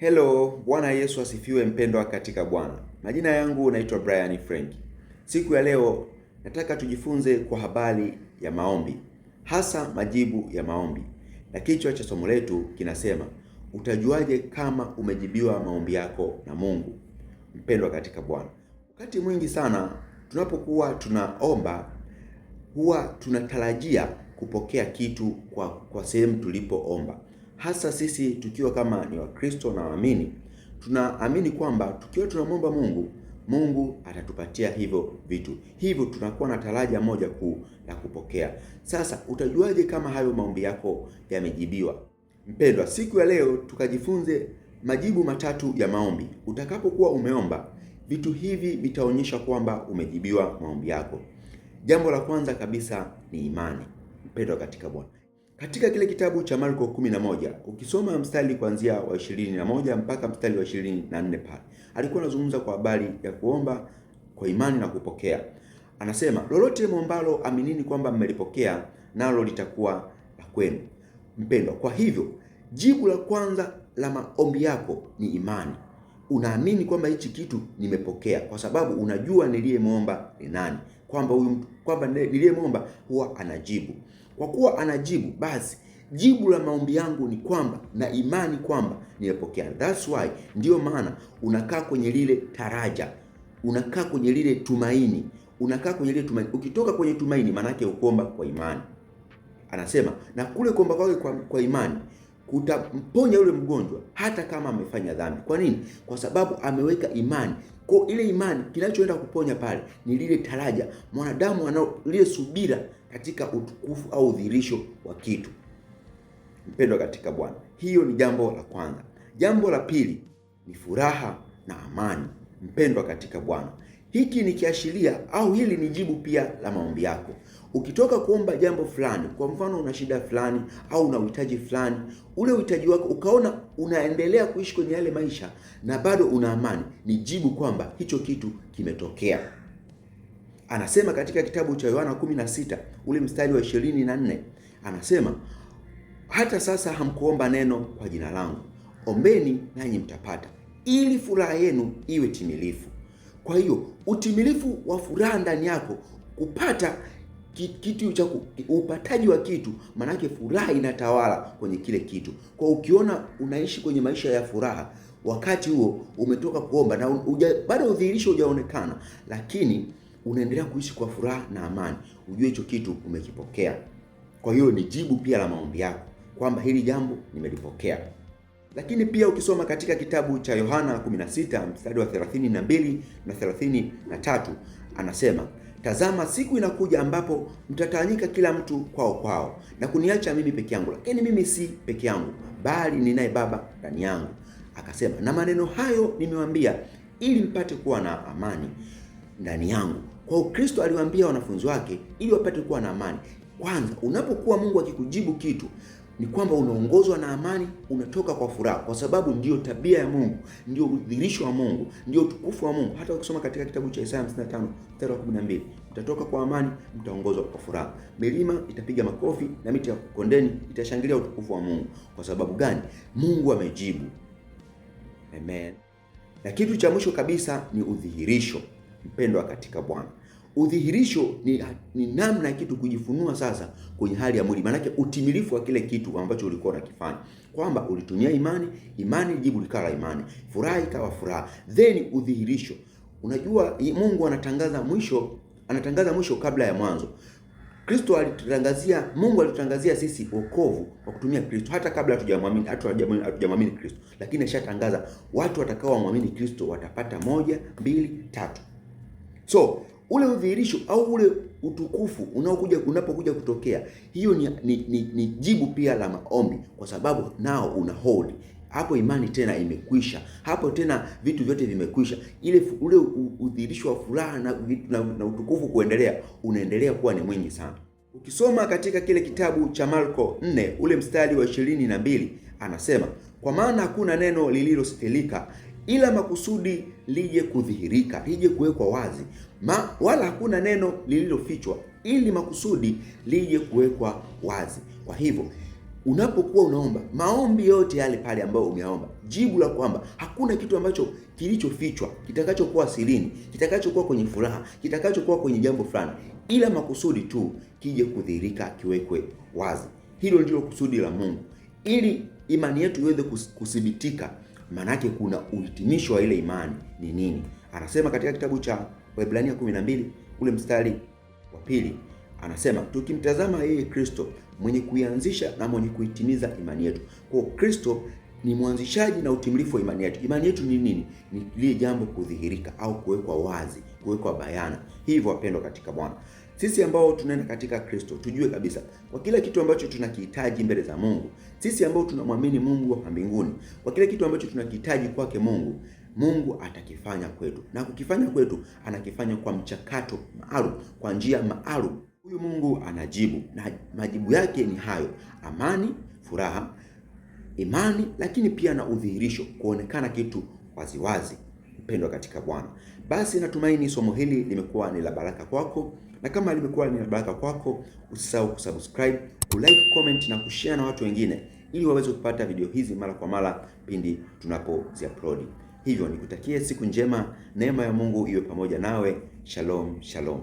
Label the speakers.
Speaker 1: Hello, Bwana Yesu asifiwe mpendwa katika Bwana. Majina yangu naitwa Brian Frank. Siku ya leo nataka tujifunze kwa habari ya maombi, hasa majibu ya maombi. Na kichwa cha somo letu kinasema, utajuaje kama umejibiwa maombi yako na Mungu? Mpendwa katika Bwana. Wakati mwingi sana tunapokuwa tunaomba huwa tunatarajia kupokea kitu kwa, kwa sehemu tulipoomba hasa sisi tukiwa kama ni Wakristo na waamini, tunaamini kwamba tukiwa tunamwomba Mungu, Mungu atatupatia hivyo vitu. Hivyo tunakuwa na taraja moja kuu la kupokea. Sasa utajuaje kama hayo maombi yako yamejibiwa? Mpendwa, siku ya leo tukajifunze majibu matatu ya maombi. Utakapokuwa umeomba vitu hivi vitaonyesha kwamba umejibiwa maombi yako. Jambo la kwanza kabisa ni imani. Mpendwa katika Bwana katika kile kitabu cha Marko 11 ukisoma mstari kuanzia wa 21 mpaka mstari wa 24 pale alikuwa anazungumza kwa habari ya kuomba kwa imani na kupokea. Anasema lolote mwombalo aminini kwamba mmelipokea nalo litakuwa la kwenu. Mpendwa, kwa hivyo jibu la kwanza la maombi yako ni imani. Unaamini kwamba hichi kitu nimepokea, kwa sababu unajua niliyemwomba ni nani, kwamba huyu kwamba niliyemwomba huwa anajibu. Kwa kuwa anajibu, basi jibu la maombi yangu ni kwamba na imani kwamba nimepokea. That's why, ndiyo maana unakaa kwenye lile taraja, unakaa kwenye lile tumaini, unakaa kwenye lile tumaini. Ukitoka kwenye tumaini, maanake ukomba kwa imani. Anasema na kule kuomba kwake kwa, kwa imani kutamponya yule mgonjwa hata kama amefanya dhambi. Kwa nini? Kwa sababu ameweka imani. Kwa ile imani, kinachoenda kuponya pale ni lile taraja mwanadamu anao, lile subira katika utukufu au udhirisho wa kitu. Mpendwa katika Bwana, hiyo ni jambo la kwanza. Jambo la pili ni furaha na amani. Mpendwa katika Bwana, hiki ni kiashiria au hili ni jibu pia la maombi yako. Ukitoka kuomba jambo fulani, kwa mfano una shida fulani au una uhitaji fulani, ule uhitaji wako ukaona unaendelea kuishi kwenye yale maisha na bado una amani, ni jibu kwamba hicho kitu kimetokea. Anasema katika kitabu cha Yohana 16 ule mstari wa 24, anasema hata sasa hamkuomba neno kwa jina langu, ombeni nanyi mtapata, ili furaha yenu iwe timilifu. Kwa hiyo utimilifu wa furaha ndani yako kupata kitu cha upataji wa kitu, maanake furaha inatawala kwenye kile kitu. Kwa ukiona unaishi kwenye maisha ya furaha, wakati huo umetoka kuomba na uja, bado udhihirisho hujaonekana, lakini unaendelea kuishi kwa furaha na amani, ujue hicho kitu umekipokea. Kwa hiyo ni jibu pia la maombi yako kwamba hili jambo nimelipokea. Lakini pia ukisoma katika kitabu cha Yohana 16 mstari wa 32 na 33, anasema tazama, siku inakuja ambapo mtatawanyika kila mtu kwao kwao na kuniacha mimi peke yangu, lakini mimi si peke yangu, bali ninaye Baba ndani yangu. Akasema, na maneno hayo nimewambia ili mpate kuwa na amani ndani yangu. Kwa Ukristo aliwaambia wanafunzi wake ili wapate kuwa na amani. Kwanza, unapokuwa Mungu akikujibu kitu ni kwamba unaongozwa na amani, unatoka kwa furaha, kwa sababu ndiyo tabia ya Mungu, ndio udhihirisho wa Mungu, ndio utukufu wa Mungu. Hata ukisoma katika kitabu cha Isaya 55 mstari wa 12, mtatoka kwa amani, mtaongozwa kwa furaha, milima itapiga makofi na miti ya kondeni itashangilia utukufu wa Mungu. Kwa sababu gani? Mungu amejibu. Amen. Na kitu cha mwisho kabisa ni udhihirisho, mpendwa katika Bwana udhihirisho ni, ni namna ya kitu kujifunua sasa kwenye hali ya mwili, maanake utimilifu wa kile kitu ambacho ulikuwa unakifanya, kwamba ulitumia imani, imani jibu likawa la imani, furaha ikawa furaha, then udhihirisho. Unajua Mungu anatangaza mwisho, anatangaza mwisho kabla ya mwanzo. Kristo alitutangazia, Mungu alitangazia sisi wokovu kwa kutumia Kristo hata kabla hatujamwamini hatujamwamini Kristo, lakini ashatangaza watu watakao wamwamini Kristo watapata moja, mbili, tatu. So ule udhihirisho au ule utukufu unaokuja unapokuja kutokea, hiyo ni, ni, ni, ni jibu pia la maombi, kwa sababu nao una hold hapo. Imani tena imekwisha hapo, tena vitu vyote vimekwisha. Ile ule udhihirisho wa furaha na, na, na utukufu kuendelea, unaendelea kuwa ni mwingi sana. Ukisoma katika kile kitabu cha Marko 4 ule mstari wa ishirini na mbili anasema, kwa maana hakuna neno lililositirika ila makusudi lije kudhihirika, lije kuwekwa wazi ma, wala hakuna neno lililofichwa, ili makusudi lije kuwekwa wazi. Kwa hivyo unapokuwa unaomba maombi yote yale pale ambayo umeaomba, jibu la kwamba hakuna kitu ambacho kilichofichwa, kitakachokuwa sirini, kitakachokuwa kwenye furaha, kitakachokuwa kwenye jambo fulani, ila makusudi tu kije kudhihirika, kiwekwe wazi. Hilo ndilo kusudi la Mungu, ili imani yetu iweze kuthibitika maanake kuna uhitimisho wa ile imani ni nini? Anasema katika kitabu cha Waebrania 12 ule mstari wa pili anasema tukimtazama yeye Kristo mwenye kuianzisha na mwenye kuitimiza imani yetu. Kwa Kristo ni mwanzishaji na utimilifu wa imani yetu. Imani yetu ni nini? Ni lile jambo kudhihirika au kuwekwa wazi, kuwekwa bayana. Hivyo wapendwa katika Bwana, sisi ambao tunaenda katika Kristo tujue kabisa kwa kila kitu ambacho tunakihitaji mbele za Mungu, sisi ambao tunamwamini Mungu wa mbinguni, kwa kila kitu ambacho tunakihitaji kwake Mungu, Mungu atakifanya kwetu, na kukifanya kwetu anakifanya kwa mchakato maalum, kwa njia maalum. Huyu Mungu anajibu, na majibu yake ni hayo: amani, furaha, imani, lakini pia na udhihirisho, kuonekana kitu waziwazi wazi mpendwa katika Bwana. Basi natumaini somo hili limekuwa ni la baraka kwako, na kama limekuwa ni la baraka kwako, usisahau kusubscribe, kulike, comment na kushare na watu wengine, ili waweze kupata video hizi mara kwa mara pindi tunapoziupload. Hivyo nikutakie siku njema, neema ya Mungu iwe pamoja nawe. Shalom, shalom.